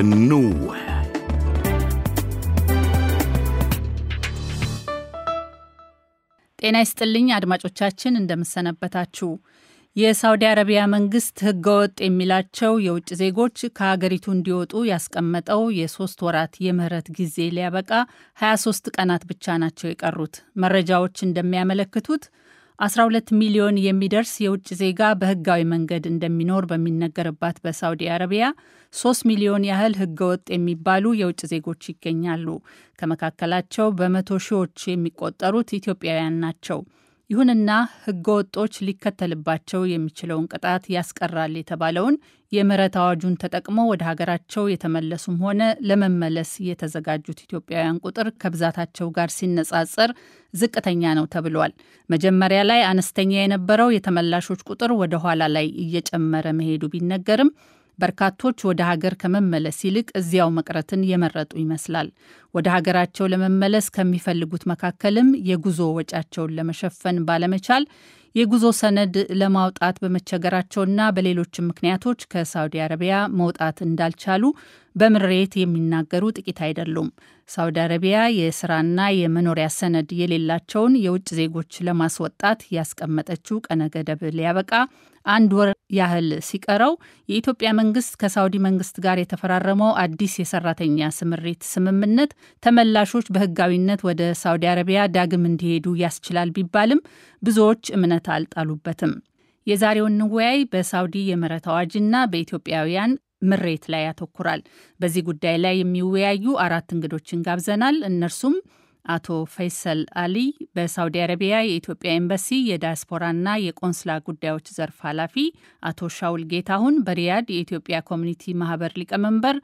النوح ጤና ይስጥልኝ አድማጮቻችን፣ እንደምሰነበታችሁ። የሳውዲ አረቢያ መንግስት ህገወጥ የሚላቸው የውጭ ዜጎች ከሀገሪቱ እንዲወጡ ያስቀመጠው የሶስት ወራት የምህረት ጊዜ ሊያበቃ 23 ቀናት ብቻ ናቸው የቀሩት። መረጃዎች እንደሚያመለክቱት 12 ሚሊዮን የሚደርስ የውጭ ዜጋ በህጋዊ መንገድ እንደሚኖር በሚነገርባት በሳውዲ አረቢያ 3 ሚሊዮን ያህል ህገወጥ የሚባሉ የውጭ ዜጎች ይገኛሉ። ከመካከላቸው በመቶ ሺዎች የሚቆጠሩት ኢትዮጵያውያን ናቸው። ይሁንና ህገወጦች ሊከተልባቸው የሚችለውን ቅጣት ያስቀራል የተባለውን የምህረት አዋጁን ተጠቅሞ ወደ ሀገራቸው የተመለሱም ሆነ ለመመለስ የተዘጋጁት ኢትዮጵያውያን ቁጥር ከብዛታቸው ጋር ሲነጻጸር ዝቅተኛ ነው ተብሏል። መጀመሪያ ላይ አነስተኛ የነበረው የተመላሾች ቁጥር ወደ ኋላ ላይ እየጨመረ መሄዱ ቢነገርም በርካቶች ወደ ሀገር ከመመለስ ይልቅ እዚያው መቅረትን የመረጡ ይመስላል። ወደ ሀገራቸው ለመመለስ ከሚፈልጉት መካከልም የጉዞ ወጪያቸውን ለመሸፈን ባለመቻል የጉዞ ሰነድ ለማውጣት በመቸገራቸውና በሌሎችም ምክንያቶች ከሳውዲ አረቢያ መውጣት እንዳልቻሉ በምሬት የሚናገሩ ጥቂት አይደሉም። ሳውዲ አረቢያ የስራና የመኖሪያ ሰነድ የሌላቸውን የውጭ ዜጎች ለማስወጣት ያስቀመጠችው ቀነ ገደብ ሊያበቃ አንድ ወር ያህል ሲቀረው የኢትዮጵያ መንግስት ከሳውዲ መንግስት ጋር የተፈራረመው አዲስ የሰራተኛ ስምሪት ስምምነት ተመላሾች በህጋዊነት ወደ ሳውዲ አረቢያ ዳግም እንዲሄዱ ያስችላል ቢባልም ብዙዎች እምነት አልጣሉበትም። የዛሬውን ንወያይ በሳውዲ የምህረት አዋጅና በኢትዮጵያውያን ምሬት ላይ ያተኩራል። በዚህ ጉዳይ ላይ የሚወያዩ አራት እንግዶችን ጋብዘናል። እነርሱም አቶ ፈይሰል አሊ በሳውዲ አረቢያ የኢትዮጵያ ኤምባሲ የዳያስፖራና የቆንስላ ጉዳዮች ዘርፍ ኃላፊ፣ አቶ ሻውል ጌታሁን በሪያድ የኢትዮጵያ ኮሚኒቲ ማህበር ሊቀመንበር፣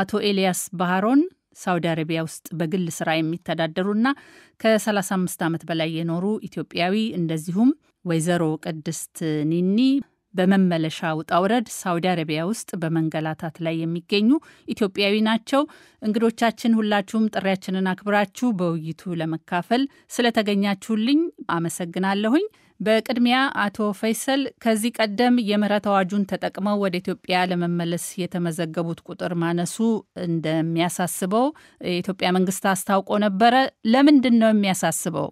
አቶ ኤልያስ ባህሮን ሳውዲ አረቢያ ውስጥ በግል ስራ የሚተዳደሩና ከ35 ዓመት በላይ የኖሩ ኢትዮጵያዊ፣ እንደዚሁም ወይዘሮ ቅድስት ኒኒ በመመለሻ ውጣውረድ ሳውዲ አረቢያ ውስጥ በመንገላታት ላይ የሚገኙ ኢትዮጵያዊ ናቸው። እንግዶቻችን ሁላችሁም ጥሪያችንን አክብራችሁ በውይይቱ ለመካፈል ስለተገኛችሁልኝ አመሰግናለሁኝ። በቅድሚያ አቶ ፈይሰል ከዚህ ቀደም የምህረት አዋጁን ተጠቅመው ወደ ኢትዮጵያ ለመመለስ የተመዘገቡት ቁጥር ማነሱ እንደሚያሳስበው የኢትዮጵያ መንግስት አስታውቆ ነበረ። ለምንድን ነው የሚያሳስበው?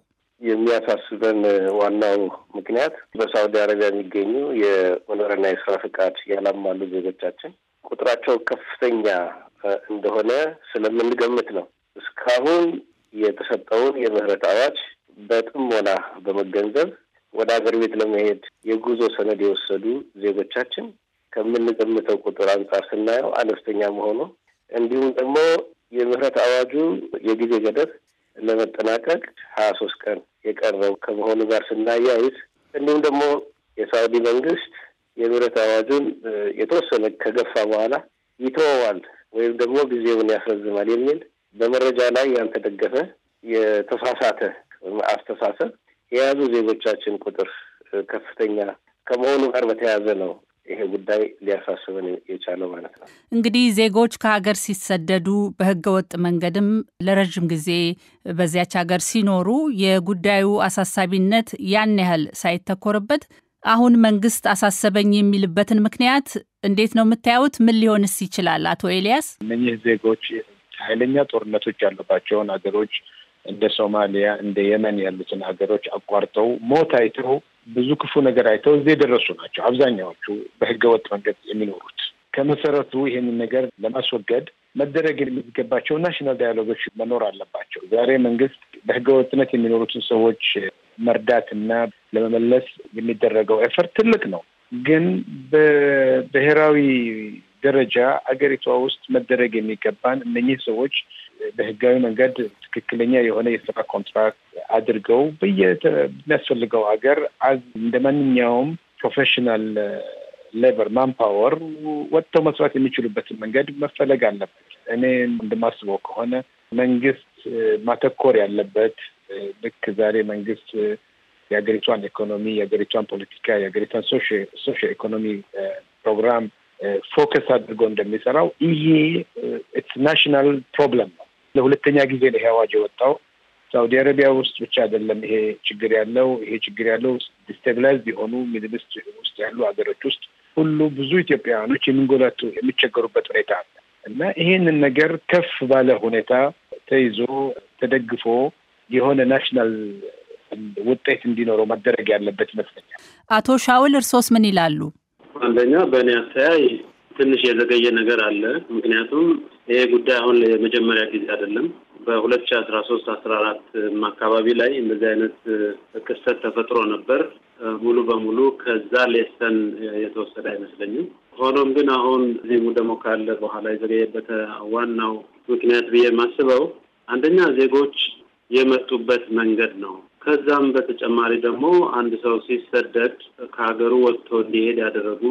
የሚያሳስበን ዋናው ምክንያት በሳውዲ አረቢያ የሚገኙ የመኖሪያና የስራ ፍቃድ ያላሟሉ ዜጎቻችን ቁጥራቸው ከፍተኛ እንደሆነ ስለምንገምት ነው። እስካሁን የተሰጠውን የምህረት አዋጅ በጥሞና በመገንዘብ ወደ ሀገር ቤት ለመሄድ የጉዞ ሰነድ የወሰዱ ዜጎቻችን ከምንገምተው ቁጥር አንጻር ስናየው አነስተኛ መሆኑ እንዲሁም ደግሞ የምህረት አዋጁ የጊዜ ገደብ ለመጠናቀቅ ሀያ ሶስት ቀን የቀረው ከመሆኑ ጋር ስናያይዝ እንዲሁም ደግሞ የሳውዲ መንግስት የምህረት አዋጁን የተወሰነ ከገፋ በኋላ ይተወዋል ወይም ደግሞ ጊዜውን ያስረዝማል የሚል በመረጃ ላይ ያልተደገፈ የተሳሳተ አስተሳሰብ የያዙ ዜጎቻችን ቁጥር ከፍተኛ ከመሆኑ ጋር በተያያዘ ነው ይሄ ጉዳይ ሊያሳስበን የቻለው ማለት ነው። እንግዲህ ዜጎች ከሀገር ሲሰደዱ በህገ ወጥ መንገድም ለረዥም ጊዜ በዚያች ሀገር ሲኖሩ የጉዳዩ አሳሳቢነት ያን ያህል ሳይተኮርበት አሁን መንግስት አሳሰበኝ የሚልበትን ምክንያት እንዴት ነው የምታዩት? ምን ሊሆንስ ይችላል? አቶ ኤልያስ፣ እነኚህ ዜጎች ኃይለኛ ጦርነቶች ያሉባቸውን ሀገሮች እንደ ሶማሊያ እንደ የመን ያሉትን ሀገሮች አቋርጠው ሞት አይተው ብዙ ክፉ ነገር አይተው እዚህ የደረሱ ናቸው። አብዛኛዎቹ በህገ ወጥ መንገድ የሚኖሩት ከመሰረቱ ይህንን ነገር ለማስወገድ መደረግ የሚገባቸው ናሽናል ዳያሎጎች መኖር አለባቸው። ዛሬ መንግስት በህገ ወጥነት የሚኖሩትን ሰዎች መርዳትና ለመመለስ የሚደረገው ኤፈርት ትልቅ ነው። ግን በብሔራዊ ደረጃ አገሪቷ ውስጥ መደረግ የሚገባን እነኚህ ሰዎች በህጋዊ መንገድ ትክክለኛ የሆነ የስራ ኮንትራክት አድርገው በየሚያስፈልገው ሀገር እንደ ማንኛውም ፕሮፌሽናል ሌበር ማንፓወር ወጥተው መስራት የሚችሉበትን መንገድ መፈለግ አለበት። እኔ እንደማስበው ከሆነ መንግስት ማተኮር ያለበት ልክ ዛሬ መንግስት የሀገሪቷን ኢኮኖሚ፣ የሀገሪቷን ፖለቲካ፣ የሀገሪቷን ሶሽ ኢኮኖሚ ፕሮግራም ፎከስ አድርጎ እንደሚሰራው ይሄ ኢትስ ናሽናል ፕሮብለም ነው። ለሁለተኛ ጊዜ ነው ይሄ አዋጅ የወጣው። ሳውዲ አረቢያ ውስጥ ብቻ አይደለም ይሄ ችግር ያለው ይሄ ችግር ያለው ዲስተብላይዝ የሆኑ ሚድልስት ውስጥ ያሉ ሀገሮች ውስጥ ሁሉ ብዙ ኢትዮጵያውያኖች የሚንጎላቱ የሚቸገሩበት ሁኔታ አለ እና ይሄንን ነገር ከፍ ባለ ሁኔታ ተይዞ ተደግፎ የሆነ ናሽናል ውጤት እንዲኖረው መደረግ ያለበት ይመስለኛል። አቶ ሻውል እርሶስ ምን ይላሉ? አንደኛ በእኔ አስተያይ ትንሽ የዘገየ ነገር አለ። ምክንያቱም ይሄ ጉዳይ አሁን የመጀመሪያ ጊዜ አይደለም። በሁለት ሺ አስራ ሶስት አስራ አራት አካባቢ ላይ እንደዚህ አይነት ክስተት ተፈጥሮ ነበር። ሙሉ በሙሉ ከዛ ሌሰን የተወሰደ አይመስለኝም። ሆኖም ግን አሁን ዜሙ ደግሞ ካለ በኋላ የዘገየበት ዋናው ምክንያት ብዬ የማስበው አንደኛ ዜጎች የመጡበት መንገድ ነው። ከዛም በተጨማሪ ደግሞ አንድ ሰው ሲሰደድ ከሀገሩ ወጥቶ እንዲሄድ ያደረጉ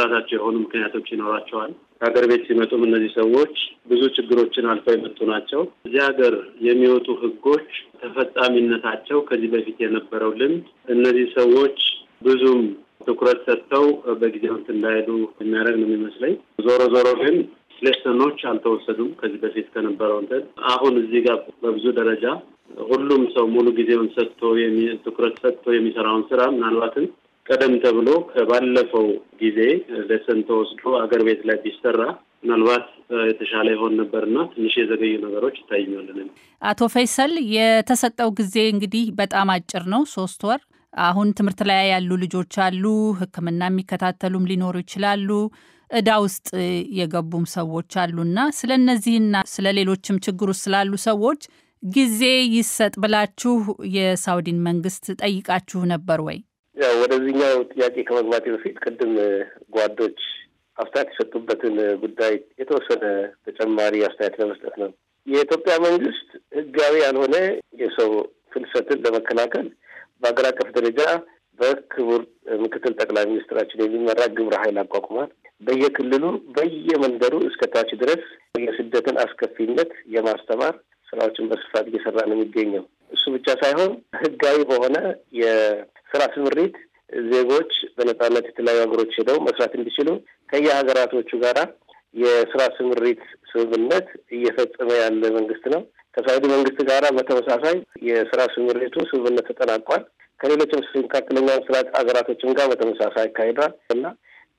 ራሳቸው የሆኑ ምክንያቶች ይኖራቸዋል። ከሀገር ቤት ሲመጡም እነዚህ ሰዎች ብዙ ችግሮችን አልፈው የመጡ ናቸው። እዚህ ሀገር የሚወጡ ሕጎች ተፈጻሚነታቸው ከዚህ በፊት የነበረው ልምድ እነዚህ ሰዎች ብዙም ትኩረት ሰጥተው በጊዜው እንትን እንዳይሉ የሚያደርግ ነው የሚመስለኝ። ዞሮ ዞሮ ግን ሌሰኖች አልተወሰዱም ከዚህ በፊት ከነበረው እንትን አሁን እዚህ ጋር በብዙ ደረጃ ሁሉም ሰው ሙሉ ጊዜውን ሰጥቶ ትኩረት ሰጥቶ የሚሰራውን ስራ ምናልባትም ቀደም ተብሎ ከባለፈው ጊዜ ለሰን ተወስዶ አገር ቤት ላይ ቢሰራ ምናልባት የተሻለ ይሆን ነበርና ትንሽ የዘገዩ ነገሮች ይታዩኛል። አቶ ፈይሰል የተሰጠው ጊዜ እንግዲህ በጣም አጭር ነው፣ ሶስት ወር። አሁን ትምህርት ላይ ያሉ ልጆች አሉ፣ ሕክምና የሚከታተሉም ሊኖሩ ይችላሉ። እዳ ውስጥ የገቡም ሰዎች አሉና ስለ እነዚህና ስለ ሌሎችም ችግር ውስጥ ስላሉ ሰዎች ጊዜ ይሰጥ ብላችሁ የሳውዲን መንግስት ጠይቃችሁ ነበር ወይ? ያው ወደዚህኛው ጥያቄ ከመግባቴ በፊት ቅድም ጓዶች አስተያየት የሰጡበትን ጉዳይ የተወሰነ ተጨማሪ አስተያየት ለመስጠት ነው። የኢትዮጵያ መንግስት ህጋዊ ያልሆነ የሰው ፍልሰትን ለመከላከል በሀገር አቀፍ ደረጃ በክቡር ምክትል ጠቅላይ ሚኒስትራችን የሚመራ ግብረ ኃይል አቋቁሟል። በየክልሉ በየመንደሩ እስከታች ድረስ የስደትን አስከፊነት የማስተማር ስራዎችን በስፋት እየሰራ ነው የሚገኘው። እሱ ብቻ ሳይሆን ህጋዊ በሆነ የስራ ስምሪት ዜጎች በነጻነት የተለያዩ ሀገሮች ሄደው መስራት እንዲችሉ ከየሀገራቶቹ ጋራ የስራ ስምሪት ስምምነት እየፈጸመ ያለ መንግስት ነው። ከሳውዲ መንግስት ጋራ በተመሳሳይ የስራ ስምሪቱ ስምምነት ተጠናቋል። ከሌሎችም መካከለኛ ምስራቅ ሀገራቶችም ጋር በተመሳሳይ አካሂዷል እና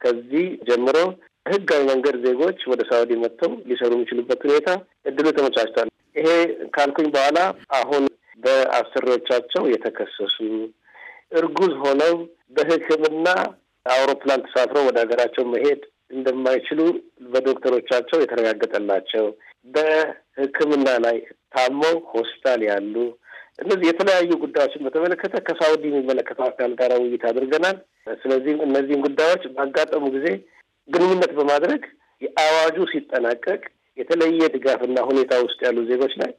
ከዚህ ጀምሮ ህጋዊ መንገድ ዜጎች ወደ ሳውዲ መጥተው ሊሰሩ የሚችሉበት ሁኔታ እድሉ ተመቻችቷል። ይሄ ካልኩኝ በኋላ አሁን በአሰሪዎቻቸው የተከሰሱ እርጉዝ ሆነው በሕክምና አውሮፕላን ተሳፍረው ወደ ሀገራቸው መሄድ እንደማይችሉ በዶክተሮቻቸው የተረጋገጠላቸው በሕክምና ላይ ታመው ሆስፒታል ያሉ እነዚህ የተለያዩ ጉዳዮችን በተመለከተ ከሳውዲ የሚመለከተው አካል ጋር ውይይት አድርገናል። ስለዚህ እነዚህም ጉዳዮች ባጋጠሙ ጊዜ ግንኙነት በማድረግ የአዋጁ ሲጠናቀቅ የተለየ ድጋፍና ሁኔታ ውስጥ ያሉ ዜጎች ላይ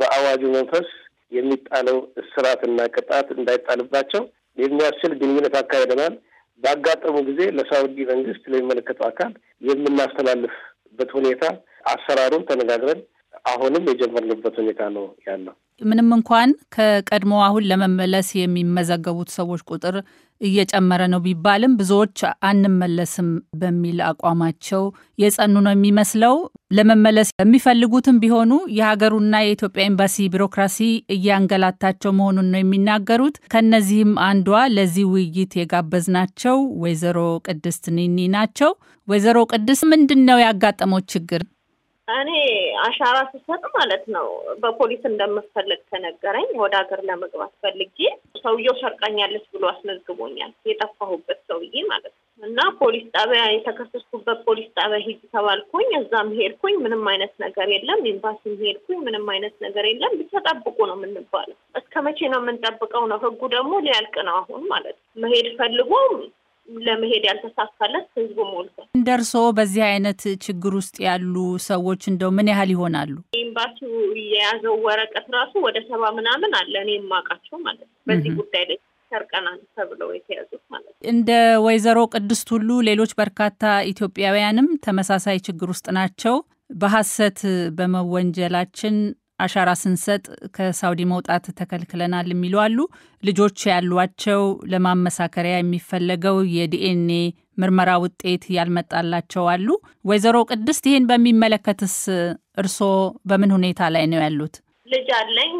በአዋጁ መንፈስ የሚጣለው እስራትና ቅጣት እንዳይጣልባቸው የሚያስችል ግንኙነት አካሂደናል። ባጋጠሙ ጊዜ ለሳውዲ መንግስት ለሚመለከተው አካል የምናስተላልፍበት ሁኔታ አሰራሩን ተነጋግረን አሁንም የጀመርንበት ሁኔታ ነው ያለው። ምንም እንኳን ከቀድሞ አሁን ለመመለስ የሚመዘገቡት ሰዎች ቁጥር እየጨመረ ነው ቢባልም ብዙዎች አንመለስም በሚል አቋማቸው የጸኑ ነው የሚመስለው። ለመመለስ የሚፈልጉትም ቢሆኑ የሀገሩና የኢትዮጵያ ኤምባሲ ቢሮክራሲ እያንገላታቸው መሆኑን ነው የሚናገሩት። ከነዚህም አንዷ ለዚህ ውይይት የጋበዝናቸው ወይዘሮ ቅድስት ኒኒ ናቸው። ወይዘሮ ቅድስት ምንድን ነው ያጋጠመው ችግር? እኔ አሻራ ስሰጥ ማለት ነው በፖሊስ እንደምፈለግ ተነገረኝ። ወደ ሀገር ለመግባት ፈልጌ ሰውየው ሰርቃኛለች ብሎ አስመዝግቦኛል። የጠፋሁበት ሰውዬ ማለት ነው እና ፖሊስ ጣቢያ የተከሰስኩበት ፖሊስ ጣቢያ ሂጅ ተባልኩኝ። እዛም ሄድኩኝ። ምንም አይነት ነገር የለም። ኤምባሲም ሄድኩኝ። ምንም አይነት ነገር የለም። ብቻ ጠብቁ ነው የምንባለው። እስከ መቼ ነው የምንጠብቀው ነው? ህጉ ደግሞ ሊያልቅ ነው አሁን ማለት ነው። መሄድ ፈልጎ ለመሄድ ያልተሳካለት ህዝቡ ሞልቷል። እንደ እርስዎ በዚህ አይነት ችግር ውስጥ ያሉ ሰዎች እንደው ምን ያህል ይሆናሉ? ኤምባሲው የያዘው ወረቀት ራሱ ወደ ሰባ ምናምን አለ እኔ የማውቃቸው ማለት ነው በዚህ ጉዳይ ላይ ሰርቀናል ተብለው የተያዙት ማለት ነው። እንደ ወይዘሮ ቅድስት ሁሉ ሌሎች በርካታ ኢትዮጵያውያንም ተመሳሳይ ችግር ውስጥ ናቸው። በሐሰት በመወንጀላችን አሻራ ስንሰጥ ከሳውዲ መውጣት ተከልክለናል የሚሉ አሉ። ልጆች ያሏቸው ለማመሳከሪያ የሚፈለገው የዲኤንኤ ምርመራ ውጤት ያልመጣላቸው አሉ። ወይዘሮ ቅድስት ይህን በሚመለከትስ እርስዎ በምን ሁኔታ ላይ ነው ያሉት? ልጅ አለኝ።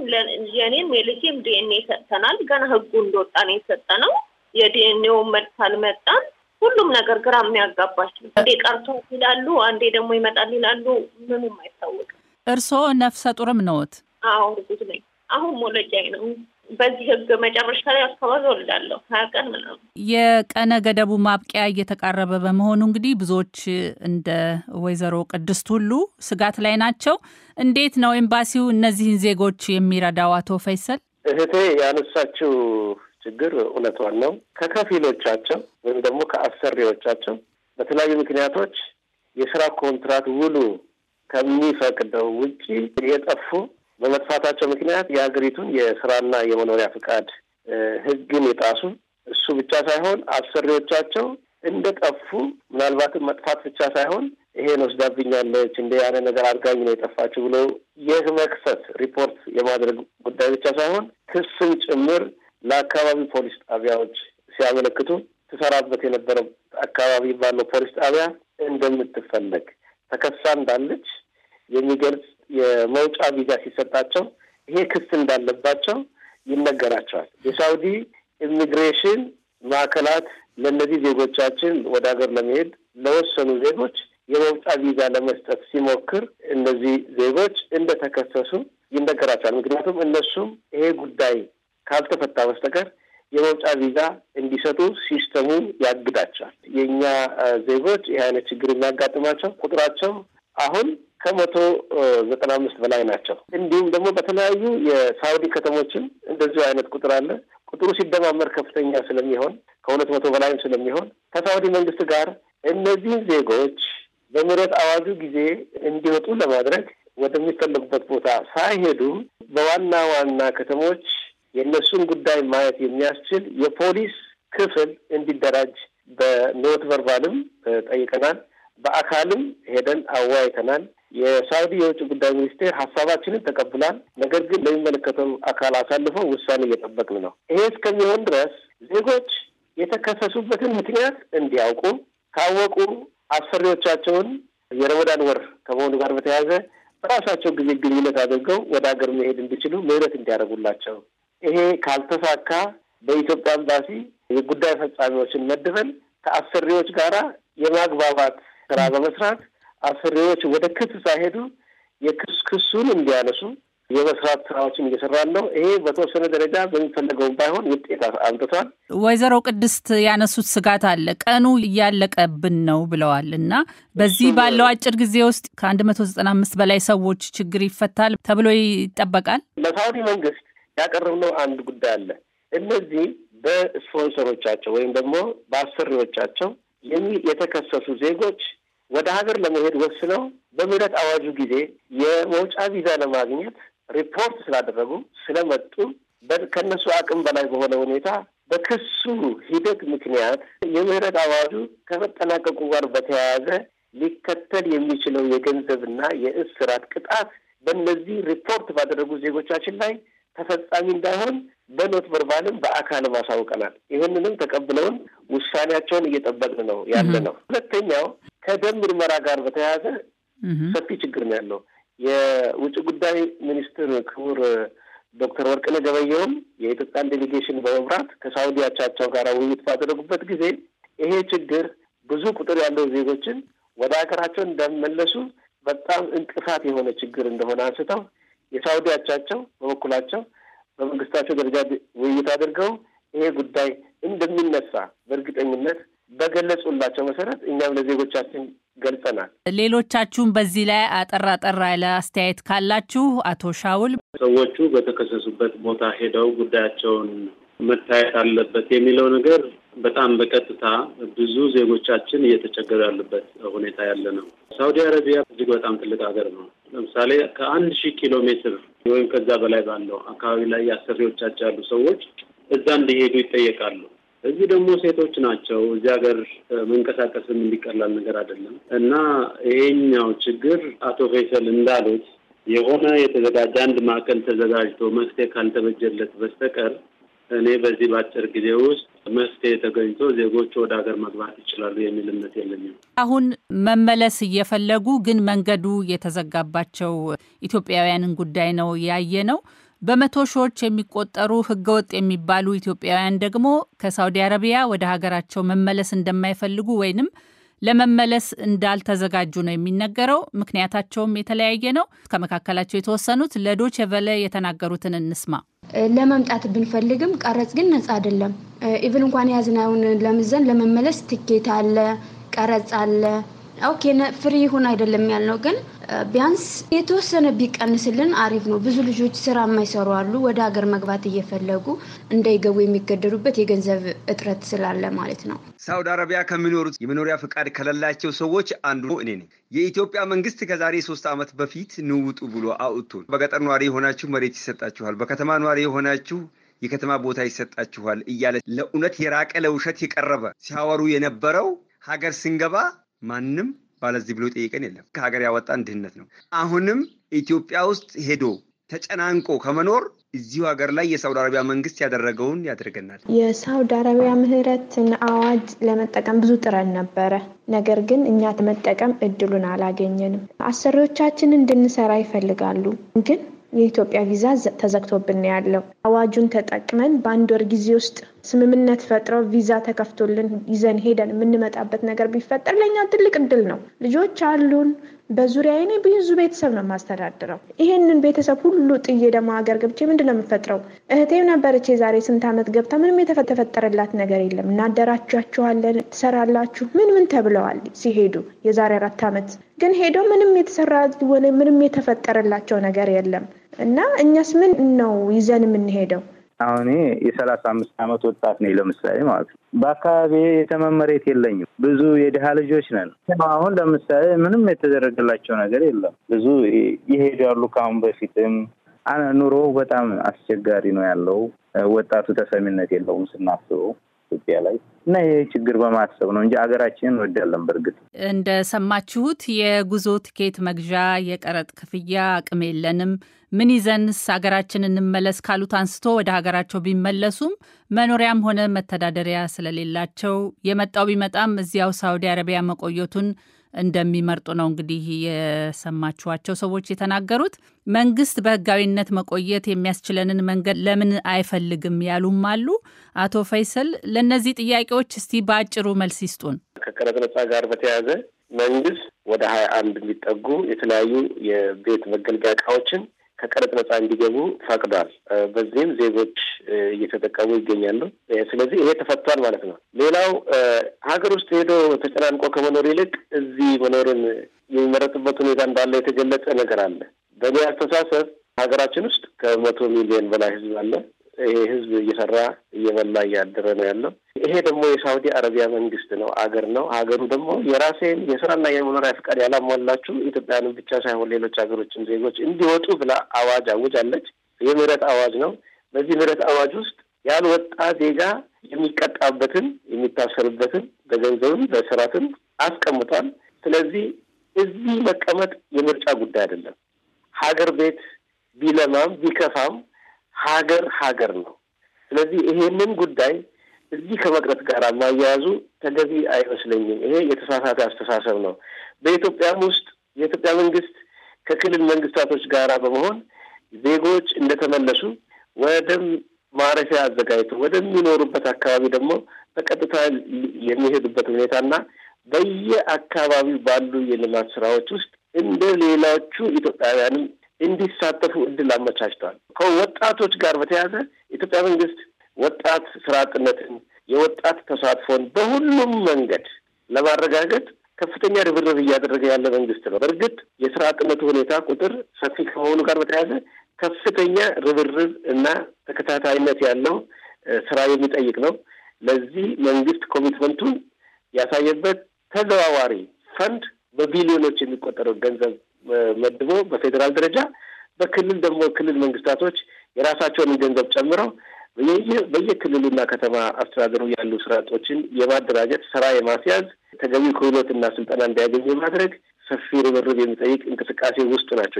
የኔም የልጅም ዲኤንኤ ሰጥተናል። ገና ህጉ እንደወጣ ነው የሰጠነው። የዲኤንኤው መልስ አልመጣም። ሁሉም ነገር ግራ የሚያጋባቸው አንዴ ቀርቶ ይላሉ፣ አንዴ ደግሞ ይመጣል ይላሉ። ምንም አይታወቅም። እርስዎ ነፍሰ ጡርም ነዎት? አዎ እርጉዝ ነኝ። አሁን መውለጃዬ ነው። በዚህ ህግ መጨረሻ ላይ አካባቢ ወልዳለሁ። ሀያ ቀን ምናምን የቀነ ገደቡ ማብቂያ እየተቃረበ በመሆኑ እንግዲህ ብዙዎች እንደ ወይዘሮ ቅድስት ሁሉ ስጋት ላይ ናቸው። እንዴት ነው ኤምባሲው እነዚህን ዜጎች የሚረዳው? አቶ ፈይሰል እህቴ ያነሳችው ችግር እውነቷን ነው። ከከፊሎቻቸው ወይም ደግሞ ከአሰሪዎቻቸው በተለያዩ ምክንያቶች የስራ ኮንትራት ውሉ ከሚፈቅደው ውጪ የጠፉ በመጥፋታቸው ምክንያት የሀገሪቱን የስራና የመኖሪያ ፍቃድ ህግን የጣሱ እሱ ብቻ ሳይሆን አሰሪዎቻቸው እንደ ጠፉ ምናልባትም መጥፋት ብቻ ሳይሆን ይሄን ወስዳብኛለች እንደ ያለ ነገር አድርጋኝ ነው የጠፋችው ብሎ ይህ መክሰት ሪፖርት የማድረግ ጉዳይ ብቻ ሳይሆን ክስም ጭምር ለአካባቢ ፖሊስ ጣቢያዎች ሲያመለክቱ ትሰራበት የነበረ አካባቢ ባለው ፖሊስ ጣቢያ እንደምትፈለግ ተከሳ እንዳለች የሚገልጽ የመውጫ ቪዛ ሲሰጣቸው ይሄ ክስ እንዳለባቸው ይነገራቸዋል። የሳውዲ ኢሚግሬሽን ማዕከላት ለእነዚህ ዜጎቻችን ወደ ሀገር ለመሄድ ለወሰኑ ዜጎች የመውጫ ቪዛ ለመስጠት ሲሞክር እነዚህ ዜጎች እንደተከሰሱ ይነገራቸዋል። ምክንያቱም እነሱም ይሄ ጉዳይ ካልተፈታ በስተቀር የመውጫ ቪዛ እንዲሰጡ ሲስተሙ ያግዳቸዋል። የእኛ ዜጎች ይህ አይነት ችግር የሚያጋጥማቸው ቁጥራቸው አሁን ከመቶ ዘጠና አምስት በላይ ናቸው። እንዲሁም ደግሞ በተለያዩ የሳውዲ ከተሞችም እንደዚሁ አይነት ቁጥር አለ። ቁጥሩ ሲደማመር ከፍተኛ ስለሚሆን ከሁለት መቶ በላይም ስለሚሆን ከሳውዲ መንግስት ጋር እነዚህን ዜጎች በምህረት አዋጁ ጊዜ እንዲወጡ ለማድረግ ወደሚፈለጉበት ቦታ ሳይሄዱ በዋና ዋና ከተሞች የእነሱን ጉዳይ ማየት የሚያስችል የፖሊስ ክፍል እንዲደራጅ በኖት ቨርባልም ጠይቀናል። በአካልም ሄደን አዋይተናል። የሳውዲ የውጭ ጉዳይ ሚኒስቴር ሀሳባችንን ተቀብሏል። ነገር ግን ለሚመለከተው አካል አሳልፈው ውሳኔ እየጠበቅን ነው። ይሄ እስከሚሆን ድረስ ዜጎች የተከሰሱበትን ምክንያት እንዲያውቁ ካወቁ አስፈሪዎቻቸውን የረመዳን ወር ከመሆኑ ጋር በተያያዘ በራሳቸው ጊዜ ግንኙነት አድርገው ወደ ሀገር መሄድ እንዲችሉ ምህረት እንዲያደርጉላቸው፣ ይሄ ካልተሳካ በኢትዮጵያ ኤምባሲ የጉዳይ ፈጻሚዎችን መድበን ከአሰሪዎች ጋራ የማግባባት ስራ በመስራት አሰሪዎች ወደ ክስ ሳይሄዱ የክስ ክሱን እንዲያነሱ የመስራት ስራዎችን እየሰራ ነው። ይሄ በተወሰነ ደረጃ በሚፈለገውም ባይሆን ውጤት አምጥቷል። ወይዘሮ ቅድስት ያነሱት ስጋት አለ። ቀኑ እያለቀብን ነው ብለዋል እና በዚህ ባለው አጭር ጊዜ ውስጥ ከአንድ መቶ ዘጠና አምስት በላይ ሰዎች ችግር ይፈታል ተብሎ ይጠበቃል። ለሳውዲ መንግስት ያቀረብነው አንድ ጉዳይ አለ። እነዚህ በስፖንሰሮቻቸው ወይም ደግሞ በአሰሪዎቻቸው የተከሰሱ ዜጎች ወደ ሀገር ለመሄድ ወስነው በምህረት አዋጁ ጊዜ የመውጫ ቪዛ ለማግኘት ሪፖርት ስላደረጉ ስለመጡ ከእነሱ አቅም በላይ በሆነ ሁኔታ በክሱ ሂደት ምክንያት የምህረት አዋጁ ከመጠናቀቁ ጋር በተያያዘ ሊከተል የሚችለው የገንዘብና የእስራት ቅጣት በእነዚህ ሪፖርት ባደረጉ ዜጎቻችን ላይ ተፈጻሚ እንዳይሆን በኖት በርባልም በአካልም አሳውቀናል። ይህንንም ተቀብለውን ውሳኔያቸውን እየጠበቅን ነው ያለ ነው። ሁለተኛው ከደም ምርመራ ጋር በተያያዘ ሰፊ ችግር ነው ያለው። የውጭ ጉዳይ ሚኒስትር ክቡር ዶክተር ወርቅነህ ገበየሁም የኢትዮጵያን ዴሌጌሽን በመምራት ከሳውዲ አቻቸው ጋር ውይይት ባደረጉበት ጊዜ ይሄ ችግር ብዙ ቁጥር ያለው ዜጎችን ወደ ሀገራቸው እንደመለሱ በጣም እንቅፋት የሆነ ችግር እንደሆነ አንስተው የሳውዲ አቻቸው በበኩላቸው በመንግስታቸው ደረጃ ውይይት አድርገው ይሄ ጉዳይ እንደሚነሳ በእርግጠኝነት በገለጹላቸው መሰረት እኛም ለዜጎቻችን ገልጸናል። ሌሎቻችሁም በዚህ ላይ አጠራ ጠራ ያለ አስተያየት ካላችሁ አቶ ሻውል። ሰዎቹ በተከሰሱበት ቦታ ሄደው ጉዳያቸውን መታየት አለበት የሚለው ነገር በጣም በቀጥታ ብዙ ዜጎቻችን እየተቸገሩ ያሉበት ሁኔታ ያለ ነው። ሳውዲ አረቢያ እጅግ በጣም ትልቅ ሀገር ነው። ለምሳሌ ከአንድ ሺህ ኪሎ ሜትር ወይም ከዛ በላይ ባለው አካባቢ ላይ አሰሪዎቻቸው ያሉ ሰዎች እዛ እንዲሄዱ ይጠየቃሉ። እዚህ ደግሞ ሴቶች ናቸው። እዚህ ሀገር መንቀሳቀስም እንዲቀላል ነገር አይደለም እና ይሄኛው ችግር አቶ ፌሰል እንዳሉት የሆነ የተዘጋጀ አንድ ማዕከል ተዘጋጅቶ መፍትሄ ካልተበጀለት በስተቀር እኔ በዚህ በአጭር ጊዜ ውስጥ መፍትሄ ተገኝቶ ዜጎች ወደ ሀገር መግባት ይችላሉ የሚል እምነት የለኝም። አሁን መመለስ እየፈለጉ ግን መንገዱ የተዘጋባቸው ኢትዮጵያውያንን ጉዳይ ነው ያየ ነው። በመቶ ሺዎች የሚቆጠሩ ህገወጥ የሚባሉ ኢትዮጵያውያን ደግሞ ከሳውዲ አረቢያ ወደ ሀገራቸው መመለስ እንደማይፈልጉ ወይንም ለመመለስ እንዳልተዘጋጁ ነው የሚነገረው። ምክንያታቸውም የተለያየ ነው። ከመካከላቸው የተወሰኑት ለዶቼ ቨለ የተናገሩትን እንስማ። ለመምጣት ብንፈልግም ቀረጽ ግን ነጻ አይደለም። ኢቭን እንኳን የያዝናውን ለምዘን ለመመለስ ትኬት አለ፣ ቀረጽ አለ ኦኬ ፍሪ ይሁን አይደለም ያልነው፣ ግን ቢያንስ የተወሰነ ቢቀንስልን አሪፍ ነው። ብዙ ልጆች ስራ የማይሰሩ አሉ፣ ወደ ሀገር መግባት እየፈለጉ እንዳይገቡ የሚገደዱበት የገንዘብ እጥረት ስላለ ማለት ነው። ሳውዲ አረቢያ ከሚኖሩት የመኖሪያ ፍቃድ ከሌላቸው ሰዎች አንዱ እኔ ነኝ። የኢትዮጵያ መንግስት ከዛሬ ሶስት ዓመት በፊት ንውጡ ብሎ አውጥቶን በገጠር ኗሪ የሆናችሁ መሬት ይሰጣችኋል፣ በከተማ ኗሪ የሆናችሁ የከተማ ቦታ ይሰጣችኋል እያለ ለእውነት የራቀ ለውሸት የቀረበ ሲያወሩ የነበረው ሀገር ስንገባ ማንም ባለዚህ ብሎ ጠይቀን የለም። ከሀገር ያወጣን ድህነት ነው። አሁንም ኢትዮጵያ ውስጥ ሄዶ ተጨናንቆ ከመኖር እዚሁ ሀገር ላይ የሳውዲ አረቢያ መንግስት ያደረገውን ያደርገናል። የሳውዲ አረቢያ ምህረትን አዋጅ ለመጠቀም ብዙ ጥረን ነበረ። ነገር ግን እኛ ለመጠቀም እድሉን አላገኘንም። አሰሪዎቻችን እንድንሰራ ይፈልጋሉ ግን የኢትዮጵያ ቪዛ ተዘግቶብን ያለው አዋጁን ተጠቅመን በአንድ ወር ጊዜ ውስጥ ስምምነት ፈጥረው ቪዛ ተከፍቶልን ይዘን ሄደን የምንመጣበት ነገር ቢፈጠር ለእኛ ትልቅ እድል ነው። ልጆች አሉን። በዙሪያ እኔ ብዙ ቤተሰብ ነው የማስተዳድረው። ይሄንን ቤተሰብ ሁሉ ጥዬ ደግሞ ሀገር ገብቼ ምንድን ነው የምፈጥረው? እህቴም ነበረች የዛሬ ስንት ዓመት ገብታ ምንም የተፈጠረላት ነገር የለም። እናደራችኋለን፣ ትሰራላችሁ፣ ምን ምን ተብለዋል ሲሄዱ የዛሬ አራት ዓመት ግን ሄደው ምንም የተሰራ ምንም የተፈጠረላቸው ነገር የለም። እና እኛስ ምን ነው ይዘን የምንሄደው? አሁን የሰላሳ አምስት ዓመት ወጣት ነኝ ለምሳሌ ማለት ነው። በአካባቢ የተመመሬት የለኝም። ብዙ የድሃ ልጆች ነን። አሁን ለምሳሌ ምንም የተደረገላቸው ነገር የለም። ብዙ ይሄዳሉ። ከአሁን በፊትም ኑሮ በጣም አስቸጋሪ ነው ያለው። ወጣቱ ተሰሚነት የለውም ስናስበው ኢትዮጵያ ላይ እና ይህ ችግር በማሰብ ነው እንጂ አገራችንን እንወዳለን። በእርግጥ እንደሰማችሁት የጉዞ ትኬት መግዣ፣ የቀረጥ ክፍያ አቅም የለንም ምን ይዘንስ ሀገራችን እንመለስ ካሉት አንስቶ ወደ ሀገራቸው ቢመለሱም መኖሪያም ሆነ መተዳደሪያ ስለሌላቸው የመጣው ቢመጣም እዚያው ሳውዲ አረቢያ መቆየቱን እንደሚመርጡ ነው እንግዲህ የሰማችኋቸው ሰዎች የተናገሩት። መንግስት በህጋዊነት መቆየት የሚያስችለንን መንገድ ለምን አይፈልግም ያሉም አሉ። አቶ ፈይሰል ለእነዚህ ጥያቄዎች እስቲ በአጭሩ መልስ ይስጡን። ከቀረጥ ነጻ ጋር በተያያዘ መንግስት ወደ ሀያ አንድ የሚጠጉ የተለያዩ የቤት መገልገያ እቃዎችን ከቀረጥ ነጻ እንዲገቡ ፈቅዷል። በዚህም ዜጎች እየተጠቀሙ ይገኛሉ። ስለዚህ ይሄ ተፈቷል ማለት ነው። ሌላው ሀገር ውስጥ ሄዶ ተጨናንቆ ከመኖር ይልቅ እዚህ መኖርን የሚመረጥበት ሁኔታ እንዳለ የተገለጸ ነገር አለ። በእኔ አስተሳሰብ ሀገራችን ውስጥ ከመቶ ሚሊዮን በላይ ህዝብ አለ። ይሄ ህዝብ እየሰራ እየበላ እያደረ ነው ያለው። ይሄ ደግሞ የሳውዲ አረቢያ መንግስት ነው፣ አገር ነው። ሀገሩ ደግሞ የራሴን የስራና የመኖሪያ ፍቃድ ያላሟላችሁ ኢትዮጵያንም ብቻ ሳይሆን ሌሎች ሀገሮችን ዜጎች እንዲወጡ ብላ አዋጅ አውጃለች። የምህረት አዋጅ ነው። በዚህ ምህረት አዋጅ ውስጥ ያልወጣ ዜጋ የሚቀጣበትን የሚታሰርበትን በገንዘብም በስራትም አስቀምጧል። ስለዚህ እዚህ መቀመጥ የምርጫ ጉዳይ አይደለም። ሀገር ቤት ቢለማም ቢከፋም ሀገር ሀገር ነው። ስለዚህ ይሄንን ጉዳይ እዚህ ከመቅረት ጋር ማያያዙ ተገቢ አይመስለኝም። ይሄ የተሳሳተ አስተሳሰብ ነው። በኢትዮጵያም ውስጥ የኢትዮጵያ መንግስት ከክልል መንግስታቶች ጋር በመሆን ዜጎች እንደተመለሱ ወደ ማረፊያ አዘጋጅቶ ወደሚኖሩበት አካባቢ ደግሞ በቀጥታ የሚሄዱበት ሁኔታና በየአካባቢው ባሉ የልማት ስራዎች ውስጥ እንደ ሌላዎቹ ኢትዮጵያውያንም እንዲሳተፉ እድል አመቻችቷል። ከወጣቶች ጋር በተያያዘ ኢትዮጵያ መንግስት ወጣት ስራ አጥነትን፣ የወጣት ተሳትፎን በሁሉም መንገድ ለማረጋገጥ ከፍተኛ ርብርብ እያደረገ ያለ መንግስት ነው። በእርግጥ የስራ አጥነቱ ሁኔታ ቁጥር ሰፊ ከመሆኑ ጋር በተያያዘ ከፍተኛ ርብርብ እና ተከታታይነት ያለው ስራ የሚጠይቅ ነው። ለዚህ መንግስት ኮሚትመንቱን ያሳየበት ተዘዋዋሪ ፈንድ በቢሊዮኖች የሚቆጠረው ገንዘብ መድቦ በፌዴራል ደረጃ በክልል ደግሞ ክልል መንግስታቶች የራሳቸውን ገንዘብ ጨምረው በየክልሉና ከተማ አስተዳደሩ ያሉ ስርዓቶችን የማደራጀት ስራ የማስያዝ ተገቢ ክህሎትና ስልጠና እንዲያገኙ የማድረግ ሰፊ ርብርብ የሚጠይቅ እንቅስቃሴ ውስጥ ናቸው።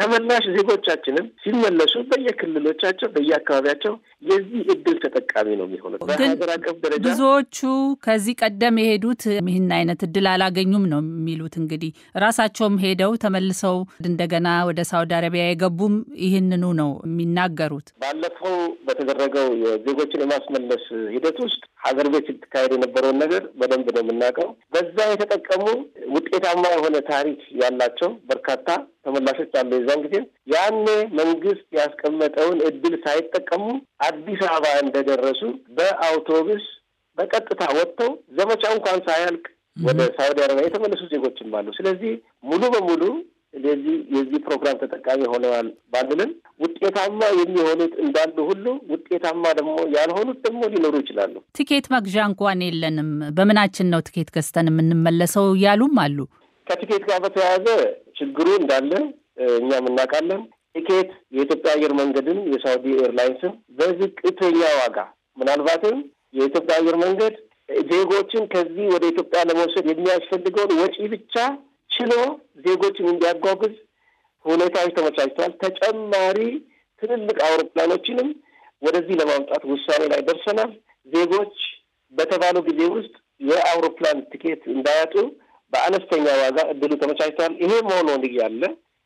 ተመላሽ ዜጎቻችንም ሲመለሱ በየክልሎቻቸው በየአካባቢያቸው የዚህ እድል ተጠቃሚ ነው የሚሆኑት። በሀገር አቀፍ ደረጃ ብዙዎቹ ከዚህ ቀደም የሄዱት ይህን አይነት እድል አላገኙም ነው የሚሉት። እንግዲህ ራሳቸውም ሄደው ተመልሰው እንደገና ወደ ሳውዲ አረቢያ የገቡም ይህንኑ ነው የሚናገሩት። ባለፈው በተደረገው የዜጎችን የማስመለስ ሂደት ውስጥ ሀገር ቤት ሲካሄድ የነበረውን ነገር በደንብ ነው የምናውቀው። በዛ የተጠቀሙ ውጤታማ የሆነ ታሪክ ያላቸው በርካታ ተመላሾች አሉ። የዛን ጊዜ ያኔ መንግስት ያስቀመጠውን እድል ሳይጠቀሙ አዲስ አበባ እንደደረሱ በአውቶቡስ በቀጥታ ወጥተው ዘመቻ እንኳን ሳያልቅ ወደ ሳውዲ አረቢያ የተመለሱ ዜጎችም አሉ። ስለዚህ ሙሉ በሙሉ ስለዚህ የዚህ ፕሮግራም ተጠቃሚ ሆነዋል ባልልም ውጤታማ የሚሆኑት እንዳሉ ሁሉ ውጤታማ ደግሞ ያልሆኑት ደግሞ ሊኖሩ ይችላሉ። ትኬት መግዣ እንኳን የለንም፣ በምናችን ነው ቲኬት ገዝተን የምንመለሰው ያሉም አሉ። ከቲኬት ጋር በተያያዘ ችግሩ እንዳለ እኛም እናውቃለን። ቲኬት የኢትዮጵያ አየር መንገድን የሳውዲ ኤርላይንስን በዝቅተኛ ዋጋ ምናልባትም የኢትዮጵያ አየር መንገድ ዜጎችን ከዚህ ወደ ኢትዮጵያ ለመውሰድ የሚያስፈልገውን ወጪ ብቻ ችሎ ዜጎችን እንዲያጓጉዝ ሁኔታዎች ተመቻችተዋል። ተጨማሪ ትልልቅ አውሮፕላኖችንም ወደዚህ ለማምጣት ውሳኔ ላይ ደርሰናል። ዜጎች በተባለው ጊዜ ውስጥ የአውሮፕላን ትኬት እንዳያጡ በአነስተኛ ዋጋ እድሉ ተመቻችተዋል። ይሄ መሆን ወንድ ያለ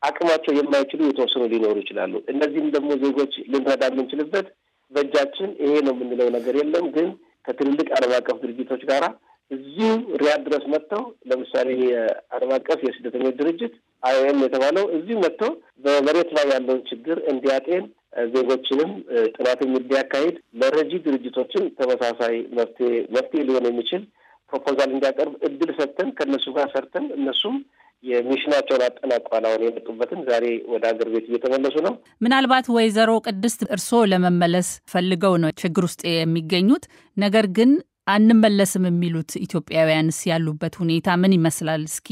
አቅማቸው የማይችሉ የተወሰኑ ሊኖሩ ይችላሉ። እነዚህም ደግሞ ዜጎች ልንረዳ የምንችልበት በእጃችን ይሄ ነው የምንለው ነገር የለም። ግን ከትልልቅ ዓለም አቀፍ ድርጅቶች ጋር እዚሁ ሪያድ ድረስ መጥተው ለምሳሌ የዓለም አቀፍ የስደተኞች ድርጅት አይኦኤም የተባለው እዚሁ መጥተው በመሬት ላይ ያለውን ችግር እንዲያጤን ዜጎችንም ጥናትም እንዲያካሂድ ለረጂ ድርጅቶችን ተመሳሳይ መፍትሄ መፍትሄ ሊሆን የሚችል ፕሮፖዛል እንዲያቀርብ እድል ሰጥተን ከእነሱ ጋር ሰርተን እነሱም የሚሽናቸውን አጠናቋል። አሁን የመጡበትን ዛሬ ወደ ሀገር ቤት እየተመለሱ ነው። ምናልባት ወይዘሮ ቅድስት እርስዎ ለመመለስ ፈልገው ነው ችግር ውስጥ የሚገኙት ነገር ግን አንመለስም የሚሉት ኢትዮጵያውያንስ ያሉበት ሁኔታ ምን ይመስላል? እስኪ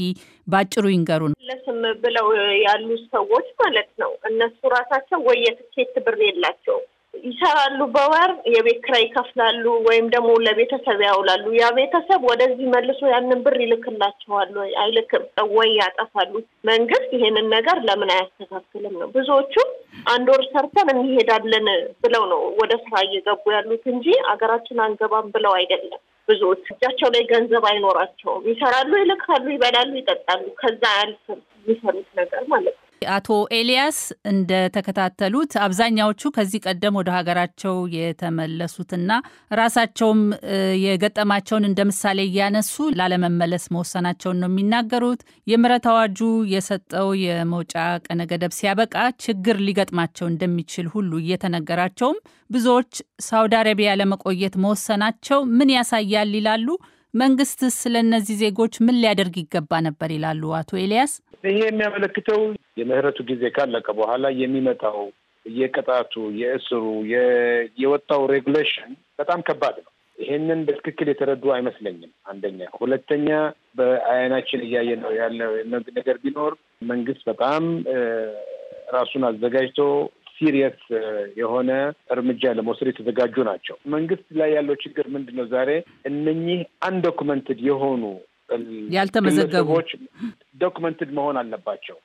ባጭሩ ነው መለስም ብለው ያሉ ሰዎች ማለት ነው። እነሱ ራሳቸው ወይ የትኬት ብር የላቸውም ይሰራሉ፣ በወር የቤት ክራ ይከፍላሉ፣ ወይም ደግሞ ለቤተሰብ ያውላሉ። ያ ቤተሰብ ወደዚህ መልሶ ያንን ብር ይልክላቸዋል ወይ አይልክም ወይ ያጠፋሉ። መንግስት ይሄንን ነገር ለምን አያስተካክልም ነው። ብዙዎቹም አንድ ወር ሰርተን እንሄዳለን ብለው ነው ወደ ስራ እየገቡ ያሉት እንጂ አገራችን አንገባም ብለው አይደለም። ብዙዎች እጃቸው ላይ ገንዘብ አይኖራቸውም። ይሰራሉ፣ ይልካሉ፣ ይበላሉ፣ ይጠጣሉ። ከዛ አያልፍም የሚሰሩት ነገር ማለት ነው። አቶ ኤልያስ እንደተከታተሉት አብዛኛዎቹ ከዚህ ቀደም ወደ ሀገራቸው የተመለሱትና ራሳቸውም የገጠማቸውን እንደ ምሳሌ እያነሱ ላለመመለስ መወሰናቸውን ነው የሚናገሩት። የምህረት አዋጁ የሰጠው የመውጫ ቀነ ገደብ ሲያበቃ ችግር ሊገጥማቸው እንደሚችል ሁሉ እየተነገራቸውም ብዙዎች ሳውዲ አረቢያ ለመቆየት መወሰናቸው ምን ያሳያል ይላሉ። መንግስት ስለ እነዚህ ዜጎች ምን ሊያደርግ ይገባ ነበር ይላሉ አቶ ኤልያስ። ይሄ የሚያመለክተው የምህረቱ ጊዜ ካለቀ በኋላ የሚመጣው የቅጣቱ፣ የእስሩ፣ የወጣው ሬጉሌሽን በጣም ከባድ ነው። ይሄንን በትክክል የተረዱ አይመስለኝም። አንደኛ፣ ሁለተኛ በአይናችን እያየ ነው ያለ ነገር ቢኖር መንግስት በጣም ራሱን አዘጋጅቶ ሲሪየስ የሆነ እርምጃ ለመውሰድ የተዘጋጁ ናቸው። መንግስት ላይ ያለው ችግር ምንድን ነው? ዛሬ እነኚህ አንዶኩመንትድ የሆኑ ያልተመዘገቡ ዶክመንትድ መሆን አለባቸው።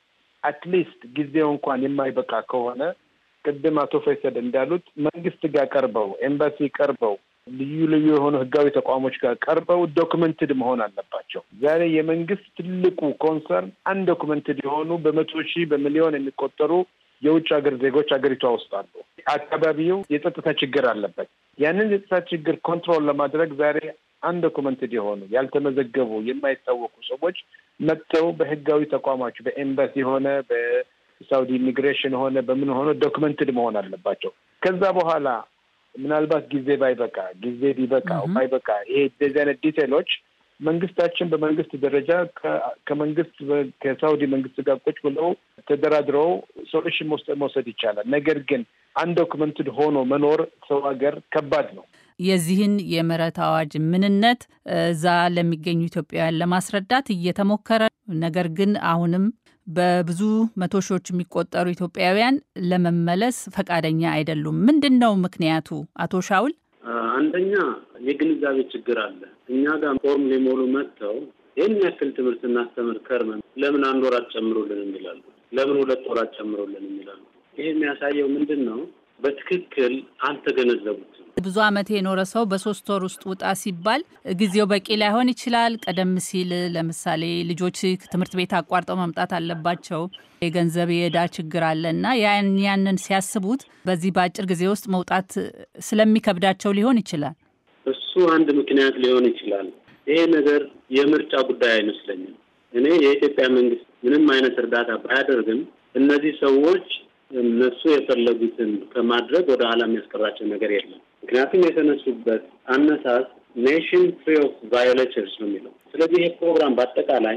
አትሊስት ጊዜው እንኳን የማይበቃ ከሆነ ቅድም አቶ ፈይሰል እንዳሉት መንግስት ጋር ቀርበው ኤምባሲ ቀርበው ልዩ ልዩ የሆኑ ህጋዊ ተቋሞች ጋር ቀርበው ዶክመንትድ መሆን አለባቸው። ዛሬ የመንግስት ትልቁ ኮንሰርን ዶክመንትድ የሆኑ በመቶ ሺህ በሚሊዮን የሚቆጠሩ የውጭ ሀገር ዜጎች ሀገሪቷ ውስጥ አሉ። አካባቢው የጸጥታ ችግር አለበት። ያንን የጸጥታ ችግር ኮንትሮል ለማድረግ ዛሬ አንድ ዶኩመንትድ የሆኑ ያልተመዘገቡ የማይታወቁ ሰዎች መጥተው በህጋዊ ተቋማቸው በኤምባሲ ሆነ በሳውዲ ኢሚግሬሽን ሆነ በምን ሆነ ዶክመንትድ መሆን አለባቸው። ከዛ በኋላ ምናልባት ጊዜ ባይበቃ ጊዜ ቢበቃ ባይበቃ ይሄ እንደዚህ አይነት ዲቴሎች መንግስታችን በመንግስት ደረጃ ከመንግስት ከሳውዲ መንግስት ጋር ቁጭ ብለው ተደራድረው ሶሉሽን መውሰድ ይቻላል። ነገር ግን አንድ ዶክመንትድ ሆኖ መኖር ሰው ሀገር ከባድ ነው። የዚህን የምህረት አዋጅ ምንነት እዛ ለሚገኙ ኢትዮጵያውያን ለማስረዳት እየተሞከረ ነገር ግን አሁንም በብዙ መቶ ሺዎች የሚቆጠሩ ኢትዮጵያውያን ለመመለስ ፈቃደኛ አይደሉም። ምንድን ነው ምክንያቱ? አቶ ሻውል አንደኛ የግንዛቤ ችግር አለ። እኛ ጋር ፎርም ሊሞሉ መጥተው ይህን ያክል ትምህርት እናስተምር ከርመን ለምን አንድ ወር አትጨምሩልን የሚላሉ፣ ለምን ሁለት ወር አትጨምሩልን የሚላሉ። ይህ የሚያሳየው ምንድን ነው? በትክክል አልተገነዘቡት። ብዙ ዓመት የኖረ ሰው በሶስት ወር ውስጥ ውጣ ሲባል ጊዜው በቂ ላይሆን ይችላል። ቀደም ሲል ለምሳሌ ልጆች ትምህርት ቤት አቋርጠው መምጣት አለባቸው። የገንዘብ የዕዳ ችግር አለና ያን ያንን ሲያስቡት በዚህ በአጭር ጊዜ ውስጥ መውጣት ስለሚከብዳቸው ሊሆን ይችላል። እሱ አንድ ምክንያት ሊሆን ይችላል። ይሄ ነገር የምርጫ ጉዳይ አይመስለኝም። እኔ የኢትዮጵያ መንግስት ምንም አይነት እርዳታ ባያደርግም እነዚህ ሰዎች እነሱ የፈለጉትን ከማድረግ ወደ ኋላ የሚያስቀራቸው ነገር የለም። ምክንያቱም የተነሱበት አነሳስ ኔሽን ፍሪ ኦፍ ቫዮሌተርስ ነው የሚለው። ስለዚህ ይህ ፕሮግራም በአጠቃላይ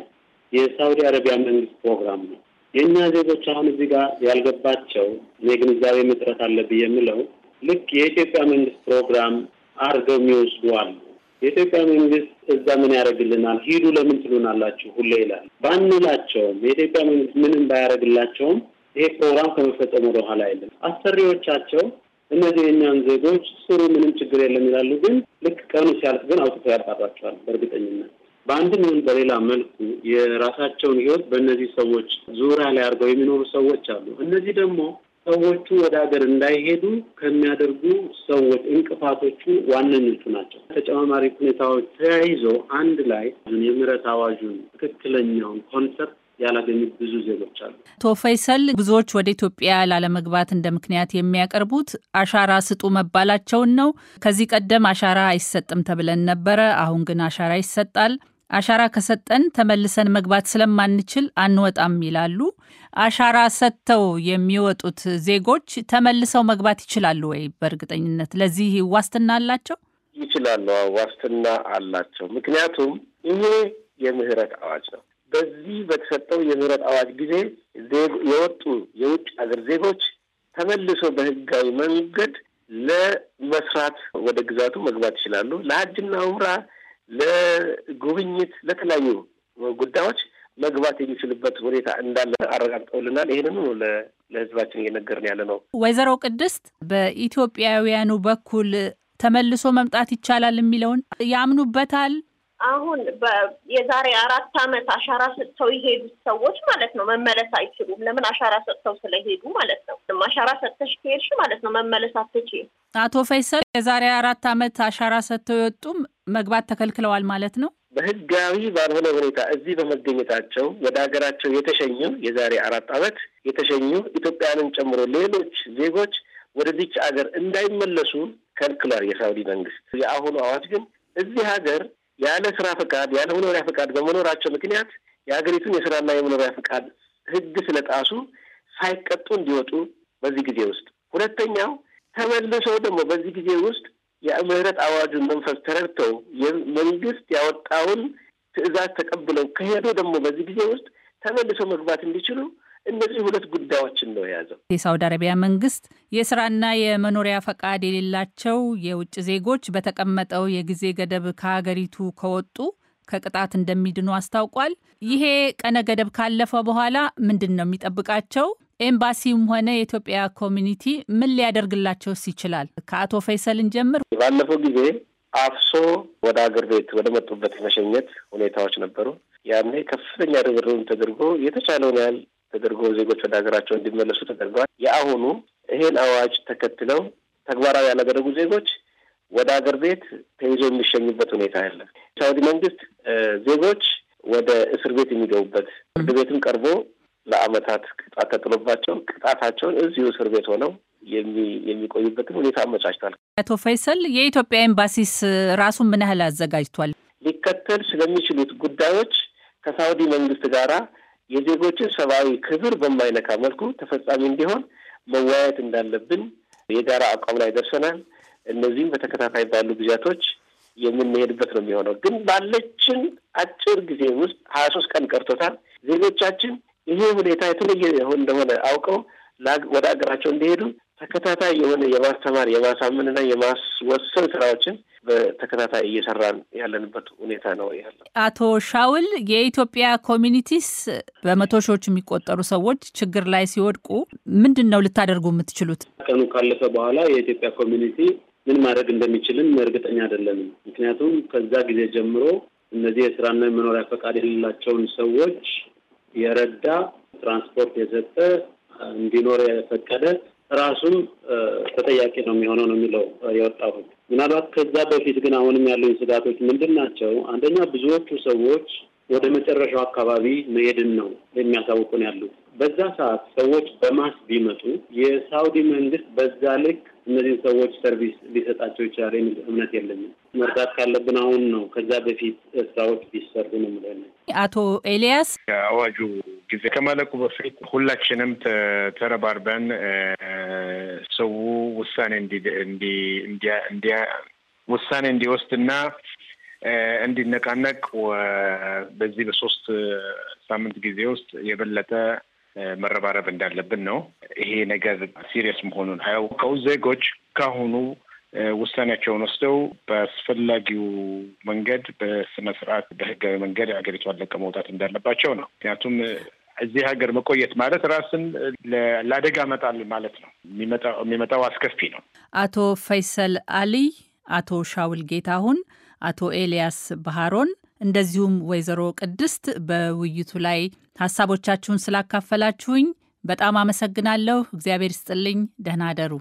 የሳውዲ አረቢያ መንግስት ፕሮግራም ነው። የእኛ ዜጎች አሁን እዚህ ጋር ያልገባቸው እኔ ግንዛቤ መጥረት አለብኝ የምለው ልክ የኢትዮጵያ መንግስት ፕሮግራም አድርገው የሚወስዱ አሉ። የኢትዮጵያ መንግስት እዛ ምን ያደርግልናል? ሂዱ ለምን ትሉናላችሁ ሁሌ ይላል። ባንላቸውም የኢትዮጵያ መንግስት ምንም ባያደርግላቸውም ይሄ ፕሮግራም ከመፈጸሙ ወደኋላ የለም። አሰሪዎቻቸው እነዚህ የእኛን ዜጎች ስሩ፣ ምንም ችግር የለም ይላሉ። ግን ልክ ቀኑ ሲያልፍ ግን አውጥተው ያባራቸዋል በእርግጠኝነት በአንድም ይሁን በሌላ መልኩ የራሳቸውን ህይወት በእነዚህ ሰዎች ዙሪያ ላይ አድርገው የሚኖሩ ሰዎች አሉ። እነዚህ ደግሞ ሰዎቹ ወደ ሀገር እንዳይሄዱ ከሚያደርጉ ሰዎች እንቅፋቶቹ ዋነኞቹ ናቸው። ተጨማማሪ ሁኔታዎች ተያይዞ አንድ ላይ የምህረት አዋጁን ትክክለኛውን ኮንሰርት ያላገኙት ብዙ ዜጎች አሉ። አቶ ፈይሰል ብዙዎች ወደ ኢትዮጵያ ላለመግባት እንደ ምክንያት የሚያቀርቡት አሻራ ስጡ መባላቸውን ነው። ከዚህ ቀደም አሻራ አይሰጥም ተብለን ነበረ። አሁን ግን አሻራ ይሰጣል። አሻራ ከሰጠን ተመልሰን መግባት ስለማንችል አንወጣም ይላሉ። አሻራ ሰጥተው የሚወጡት ዜጎች ተመልሰው መግባት ይችላሉ ወይ? በእርግጠኝነት ለዚህ ዋስትና አላቸው? ይችላሉ፣ ዋስትና አላቸው። ምክንያቱም ይሄ የምህረት አዋጅ ነው። በዚህ በተሰጠው የምህረት አዋጅ ጊዜ የወጡ የውጭ ሀገር ዜጎች ተመልሶ በህጋዊ መንገድ ለመስራት ወደ ግዛቱ መግባት ይችላሉ። ለሀጅና ውራ፣ ለጉብኝት፣ ለተለያዩ ጉዳዮች መግባት የሚችልበት ሁኔታ እንዳለ አረጋግጠውልናል። ይህንን ለህዝባችን እየነገርን ያለ ነው። ወይዘሮ ቅድስት በኢትዮጵያውያኑ በኩል ተመልሶ መምጣት ይቻላል የሚለውን ያምኑበታል? አሁን የዛሬ አራት ዓመት አሻራ ሰጥተው የሄዱት ሰዎች ማለት ነው መመለስ አይችሉም። ለምን አሻራ ሰጥተው ስለሄዱ ማለት ነው። አሻራ ሰጥተሽ ከሄድሽ ማለት ነው መመለስ አትችይም። አቶ ፈይሰል የዛሬ አራት ዓመት አሻራ ሰጥተው የወጡም መግባት ተከልክለዋል ማለት ነው። በህጋዊ ባልሆነ ሁኔታ እዚህ በመገኘታቸው ወደ ሀገራቸው የተሸኙ የዛሬ አራት ዓመት የተሸኙ ኢትዮጵያንን ጨምሮ ሌሎች ዜጎች ወደዚች ሀገር እንዳይመለሱ ከልክሏል የሳውዲ መንግስት። የአሁኑ አዋጅ ግን እዚህ ሀገር ያለ ስራ ፈቃድ ያለ መኖሪያ ፈቃድ በመኖራቸው ምክንያት የሀገሪቱን የስራና የመኖሪያ ፈቃድ ህግ ስለጣሱ ሳይቀጡ እንዲወጡ በዚህ ጊዜ ውስጥ፣ ሁለተኛው ተመልሰው ደግሞ በዚህ ጊዜ ውስጥ የምህረት አዋጁን መንፈስ ተረድተው መንግስት ያወጣውን ትዕዛዝ ተቀብለው ከሄዱ ደግሞ በዚህ ጊዜ ውስጥ ተመልሰው መግባት እንዲችሉ እነዚህ ሁለት ጉዳዮችን ነው የያዘው። የሳውዲ አረቢያ መንግስት የስራና የመኖሪያ ፈቃድ የሌላቸው የውጭ ዜጎች በተቀመጠው የጊዜ ገደብ ከሀገሪቱ ከወጡ ከቅጣት እንደሚድኑ አስታውቋል። ይሄ ቀነ ገደብ ካለፈ በኋላ ምንድን ነው የሚጠብቃቸው? ኤምባሲም ሆነ የኢትዮጵያ ኮሚኒቲ ምን ሊያደርግላቸውስ ይችላል? ከአቶ ፈይሰልን ጀምር ባለፈው ጊዜ አፍሶ ወደ አገር ቤት ወደ መጡበት የመሸኘት ሁኔታዎች ነበሩ። ያኔ ከፍተኛ ርብርብም ተደርጎ የተቻለውን ያህል ተደርጎ ዜጎች ወደ ሀገራቸው እንዲመለሱ ተደርገዋል። የአሁኑ ይሄን አዋጅ ተከትለው ተግባራዊ ያላደረጉ ዜጎች ወደ ሀገር ቤት ተይዘው የሚሸኙበት ሁኔታ ያለ ሳውዲ መንግስት ዜጎች ወደ እስር ቤት የሚገቡበት ፍርድ ቤትም ቀርቦ ለአመታት ቅጣት ተጥሎባቸው ቅጣታቸውን እዚሁ እስር ቤት ሆነው የሚቆዩበትን ሁኔታ አመቻችቷል። አቶ ፈይሰል የኢትዮጵያ ኤምባሲስ ራሱን ምን ያህል አዘጋጅቷል? ሊከተል ስለሚችሉት ጉዳዮች ከሳውዲ መንግስት ጋራ የዜጎችን ሰብአዊ ክብር በማይነካ መልኩ ተፈጻሚ እንዲሆን መወያየት እንዳለብን የጋራ አቋም ላይ ደርሰናል። እነዚህም በተከታታይ ባሉ ጊዜያቶች የምንሄድበት ነው የሚሆነው። ግን ባለችን አጭር ጊዜ ውስጥ ሀያ ሶስት ቀን ቀርቶታል። ዜጎቻችን ይሄ ሁኔታ የተለየ እንደሆነ አውቀው ወደ ሀገራቸው እንዲሄዱ ተከታታይ የሆነ የማስተማር የማሳመንና የማስወሰን ስራዎችን በተከታታይ እየሰራን ያለንበት ሁኔታ ነው ያለው። አቶ ሻውል የኢትዮጵያ ኮሚኒቲስ በመቶ ሺዎች የሚቆጠሩ ሰዎች ችግር ላይ ሲወድቁ ምንድን ነው ልታደርጉ የምትችሉት? ቀኑ ካለፈ በኋላ የኢትዮጵያ ኮሚኒቲ ምን ማድረግ እንደሚችልም እርግጠኛ አይደለንም። ምክንያቱም ከዛ ጊዜ ጀምሮ እነዚህ የስራና የመኖሪያ ፈቃድ የሌላቸውን ሰዎች የረዳ ትራንስፖርት የሰጠ እንዲኖር የፈቀደ ራሱም ተጠያቂ ነው የሚሆነው ነው የሚለው የወጣሁት። ምናልባት ከዛ በፊት ግን አሁንም ያሉኝ ስጋቶች ምንድን ናቸው? አንደኛ ብዙዎቹ ሰዎች ወደ መጨረሻው አካባቢ መሄድን ነው የሚያሳውቁን ያሉት በዛ ሰዓት ሰዎች በማስ ቢመጡ የሳውዲ መንግስት በዛ ልክ እነዚህን ሰዎች ሰርቪስ ሊሰጣቸው ይችላል የሚል እምነት የለኝም። መርዳት ካለብን አሁን ነው። ከዛ በፊት ስራዎች ቢሰሩ ነው ምለ አቶ ኤልያስ አዋጁ ጊዜ ከማለቁ በፊት ሁላችንም ተረባርበን ሰው ውሳኔ ውሳኔ እንዲወስድና እንዲነቃነቅ በዚህ በሶስት ሳምንት ጊዜ ውስጥ የበለጠ መረባረብ እንዳለብን ነው። ይሄ ነገር ሲሪየስ መሆኑን አያውቀው ዜጎች ካሁኑ ውሳኔያቸውን ወስደው በአስፈላጊው መንገድ በስነ ስርዓት በህጋዊ መንገድ ሀገሪቷን ለቀው መውጣት እንዳለባቸው ነው። ምክንያቱም እዚህ ሀገር መቆየት ማለት ራስን ለአደጋ መጣል ማለት ነው። የሚመጣው አስከፊ ነው። አቶ ፈይሰል አሊይ አቶ ሻውል ጌታሁን፣ አቶ ኤልያስ ባህሮን እንደዚሁም ወይዘሮ ቅድስት በውይይቱ ላይ ሐሳቦቻችሁን ስላካፈላችሁኝ በጣም አመሰግናለሁ። እግዚአብሔር ይስጥልኝ። ደህና አደሩ።